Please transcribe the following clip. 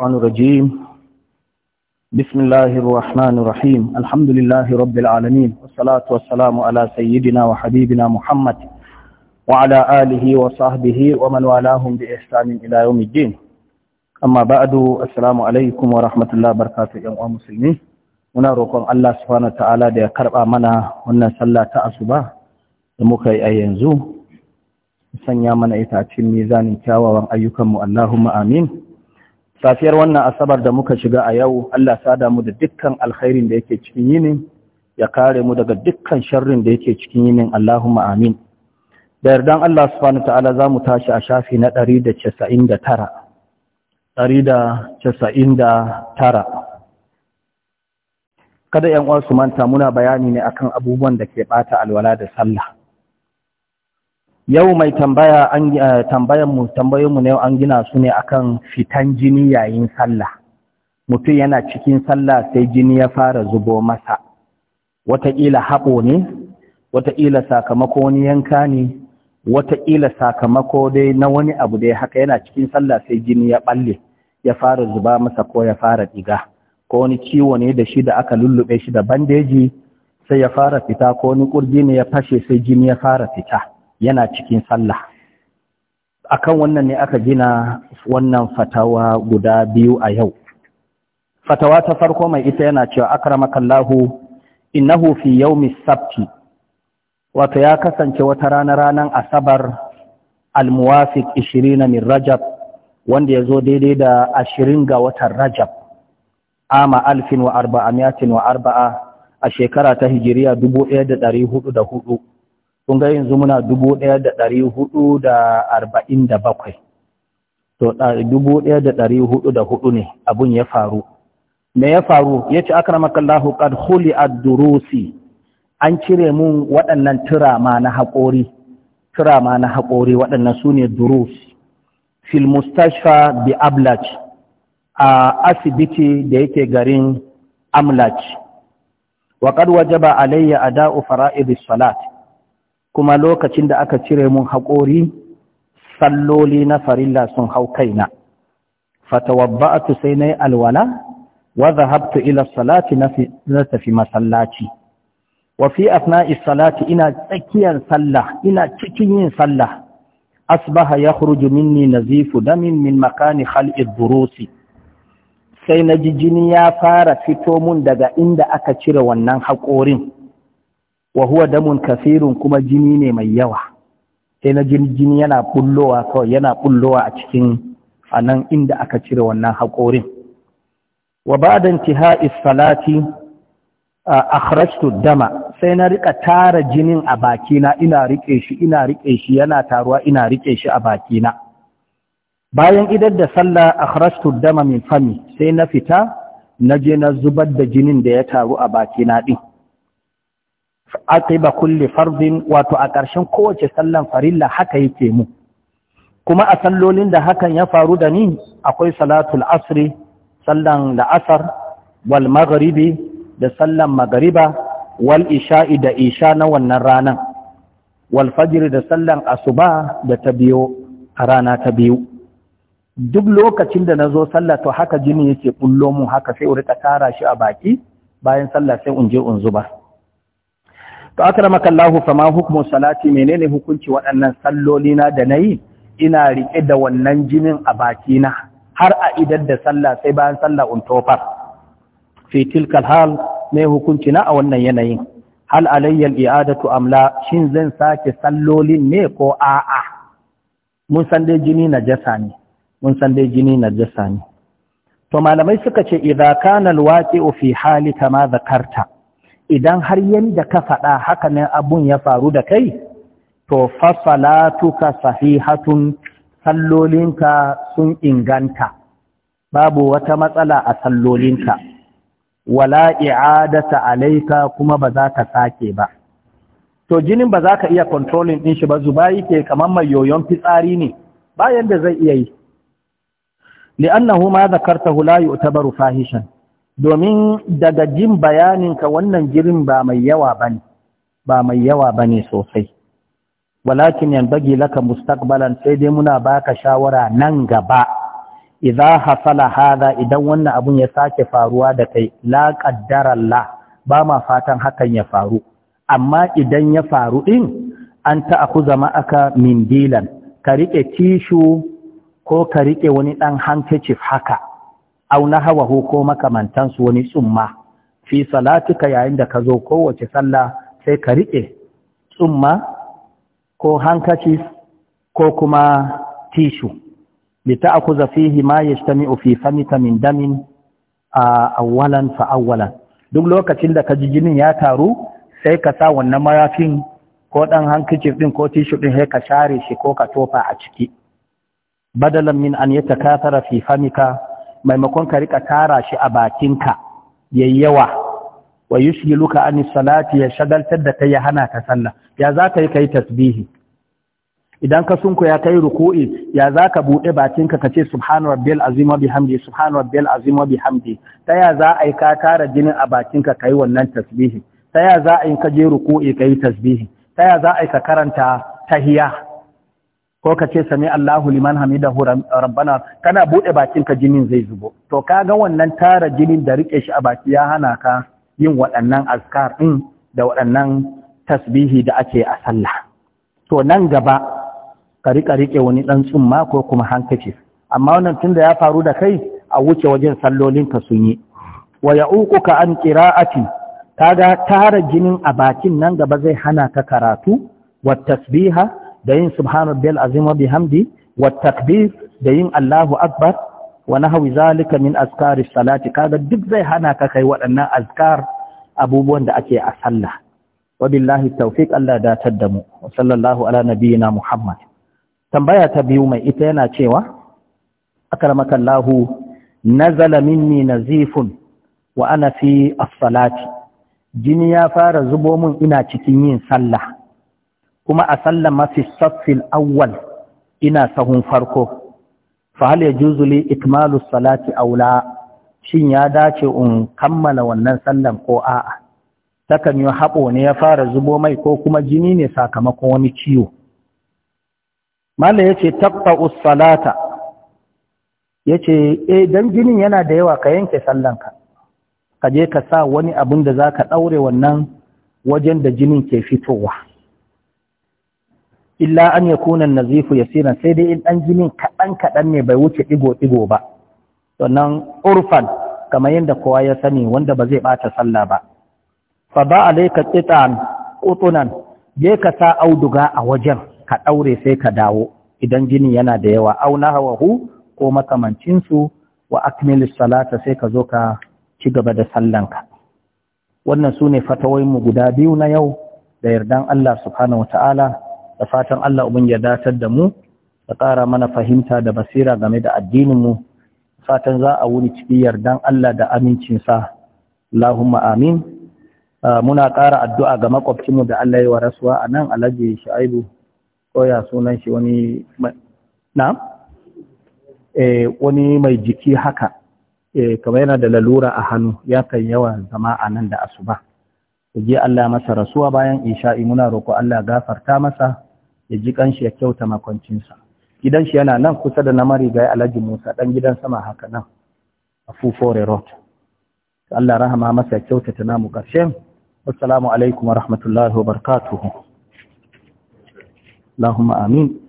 الشيطان الرجيم بسم الله الرحمن الرحيم الحمد لله رب العالمين والصلاة والسلام على سيدنا وحبيبنا محمد وعلى آله وصحبه ومن والاهم بإحسان إلى يوم الدين أما بعد السلام عليكم ورحمة الله وبركاته يا مسلمين muna roƙon Allah subhanahu ta'ala da ya karɓa mana wannan sallah ta asuba da muka yi a yanzu sanya mana ita a cikin mizanin kyawawan ayyukanmu Allahumma amin safiyar wannan asabar da muka shiga a yau Allah sada mu da dukkan alkhairin da yake cikin yinin ya kare mu daga dukkan sharrin da yake cikin yinin Allahumma amin da yardan Allah subhanahu za mu tashi a shafi na 199 199 kada yan uwa su manta muna bayani ne akan abubuwan da ke bata alwala da sallah yau mai tambaya an eh, tambayan mu tambayoyin ne an gina su ne akan fitan jini yayin sallah mutum yana cikin sallah sai jini ya fara zubo masa wataƙila haɓo ne wataƙila sakamako wani yanka ne wataƙila sakamako dai na wani abu dai haka yana cikin sallah sai jini ya ɓalle ya fara zuba masa ko ya fara ɗiga ko wani ciwo ne da shi da aka lullube shi da bandeji sai ya fara fita ko wani ƙurji ne ya fashe sai jini ya fara fita yana cikin sallah akan wannan ne aka gina wannan fatawa guda biyu a yau fatawa ta farko mai ita yana cewa akramakallahu innahu fi yau sabti wato ya kasance wata rana ranar asabar almuwafiq 20 min rajab wanda ya zo daidai da 20 ga watan rajab ama alfin wa arba'a a shekara ta hijiriya hudu. kun ga yanzu muna dubu ɗaya da ɗari hudu da arba'in da bakwai to dubu ɗaya da ɗari hudu da hudu ne abun ya faru me ya faru ya ce akramakallahu kan huli ad-durusi an cire mun waɗannan turama na haƙori turama na haƙori waɗannan su ne durus fil mustashfa bi ablaj a asibiti da yake garin amlaj wa qad wajaba alayya ada'u fara'id as-salat kuma lokacin da aka cire mun haƙori salloli na farilla sun hau kaina fatawabba'atu sai nayi alwala wa dhahabtu ila salati na tafi masallaci wa fi asna'i ina tsakiyar sallah ina cikin yin sallah asbaha yakhruju minni nazifu damin min makani khal'i dhurusi sai na ji jini ya fara fito mun daga inda aka cire wannan haƙorin wa huwa damun kasirun kuma jini ne mai yawa sai na jini yana bullowa kawai yana bullowa a cikin a nan inda aka cire wannan haƙorin wa ba'da intihai salati akhrajtu dama sai na riƙa tara jinin a bakina ina riƙe shi ina riƙe shi yana taruwa ina riƙe shi a bakina bayan idar da sallah akhrajtu dama min fami sai na fita na je na zubar da jinin da ya taru a bakina din aqiba kulle fardin wato a ƙarshen kowace sallan farilla haka yake mu kuma a sallolin da hakan ya faru da ni akwai salatul asri sallan la'asar, wal magaribi, da sallan magariba wal isha'i da isha na wannan ranan wal fajr da sallan asuba da ta biyo a rana ta biyu duk lokacin da na zo sallah to haka jini yake kullo mu haka sai urika tara shi a baki bayan sallah sai unje unzuba to akramaka Allahu fama hukmu salati menene hukunci waɗannan salloli na da nayi ina rike da wannan jinin a bakina har a idan da sallah sai bayan sallah untofar fi tilkal hal ne hukunci na a wannan yanayin hal alayya iadatu am la shin zan sake sallolin ne ko a'a mun san dai jini jasa ne mun san dai jini jasa ne to malamai suka ce idza kana wake waqiu fi hali kama zakarta idan har yanda ka faɗa haka ne abun ya faru da kai to fasalatuka sahihatun sallolinka sun inganta babu wata matsala a sallolinka wala i'adata alaika kuma ba za ka sake ba to jinin ba za ka iya controlling din shi ba zuba ke kamar mai yoyon fitsari ne bayan da zai iya yi li'annahu ma zakartahu la yu'tabaru fahishan domin daga jin bayaninka wannan jirin ba mai yawa bane ba mai yawa bane sosai walakin yan bagi laka mustaqbalan sai dai muna baka shawara nan gaba idza hasala hada idan wannan abun ya sake faruwa da kai la qaddarallah ba ma fatan hakan ya faru amma idan ya faru din an ta'khuza ma'aka aka mindilan, ka riƙe tishu ko ka riƙe wani ɗan handkerchief haka au na hawa ko makamantansu wani tsumma fi salatuka yayin da ka zo kowace sallah sai ka riƙe tsumma ko hankaci ko kuma tishu za fihi ma yajtami'u fi famika min damin a awwalan fa awwalan duk lokacin da ka ji jinin ya taru sai ka sa wannan marafin ko ɗan hankicin ɗin ko tishu ɗin sai ka share shi ko ka tofa a ciki badalan min an yatakafara fi famika maimakon ka rika tara shi a bakinka yayi yawa wa yushiluka Anis salati ya shagaltar da kai ya hana ka sallah ya za ka yi kai tasbihi idan ka sunku ya kai ruku'i ya za ka bude bakinka ka ce subhanu rabbiyal azim wa bihamdi subhanu rabbiyal azim wa bihamdi ta ya za a ka tara jinin a bakinka kai wannan tasbihi ta ya za a ka je ruku'i kai tasbihi ta ya za a ka karanta tahiya ko ka ce sami Allahu liman hamida hamidahu rabbana kana bude bakin ka jinin zai zubo to kaga wannan tara jinin da rike shi a baki ya hana ka yin waɗannan azkar din da waɗannan tasbihi da ake a sallah to nan gaba ka rika rike wani dan tsumma ko kuma hankaci amma wannan tunda ya faru da kai a wuce wajen sallolin ka sun yi wa ya'uquka an qira'ati kaga tara jinin a bakin nan gaba zai hana ka karatu wa tasbiha da yin subhanallahi alazim wa bihamdi wa takbir da yin Allahu akbar wa nahwi zalika min askari salati kaga duk zai hana ka kai waɗannan askar abubuwan da ake a sallah wabillahi taufiq Allah da taddamu wa sallallahu ala nabiyyina Muhammad tambaya ta biyu mai ita yana cewa akramakallahu nazala minni nazifun wa ana fi as-salati jini ya fara zubo mun ina cikin yin sallah kuma a sallama fi saffin awwal ina sahun farko fa hal yajuzu li ikmalu salati aula shin ya dace in kammala wannan sallan ko a'a takan yi haɓo ne ya fara zubo mai ko kuma jini ne sakamakon wani ciwo mala yace taqta us-salata yace eh dan jinin yana da yawa ka yanke sallanka ka je ka sa wani abin da zaka daure wannan wajen da jinin ke fitowa illa an kuna nazifu ya yasiran sai dai in ɗan jinin kaɗan kaɗan ne bai wuce ɗigo ɗigo ba sannan urfan kamar yadda kowa ya sani wanda ba zai bata sallah ba fa ba ka qitan qutunan je ka sa auduga a wajen ka ɗaure sai ka dawo idan jini yana da yawa au hu ko makamancinsu wa akmil salata sai ka zo ka ci gaba da sallanka wannan sune fatawoyin mu guda biyu na yau da yardan Allah subhanahu ta'ala da fatan Allah ubin ya datar da mu da ƙara mana fahimta da basira game da addininmu fatan za a wuni cikin yardan Allah da amincinsa Allahumma amin muna ƙara addu'a ga makwabcinmu da Allah ya wa rasuwa a nan alhaji sha'ibu ya sunan shi wani mai eh, jiki haka eh, kamar yana da lalura a hannu ya kan yawa zama a nan da asuba. Je Allah masa rasuwa bayan isha'i muna roƙo Allah gafarta masa ya ji kanshi ya kyauta makwancinsa gidan shi yana nan kusa da na ga alhaji musa ɗan gidan sama haka nan a fufore road Allah rahama masa ya kyautata namu ƙarshen wassalamu alaikum wa rahmatullahi wa barakatuhu Allahumma amin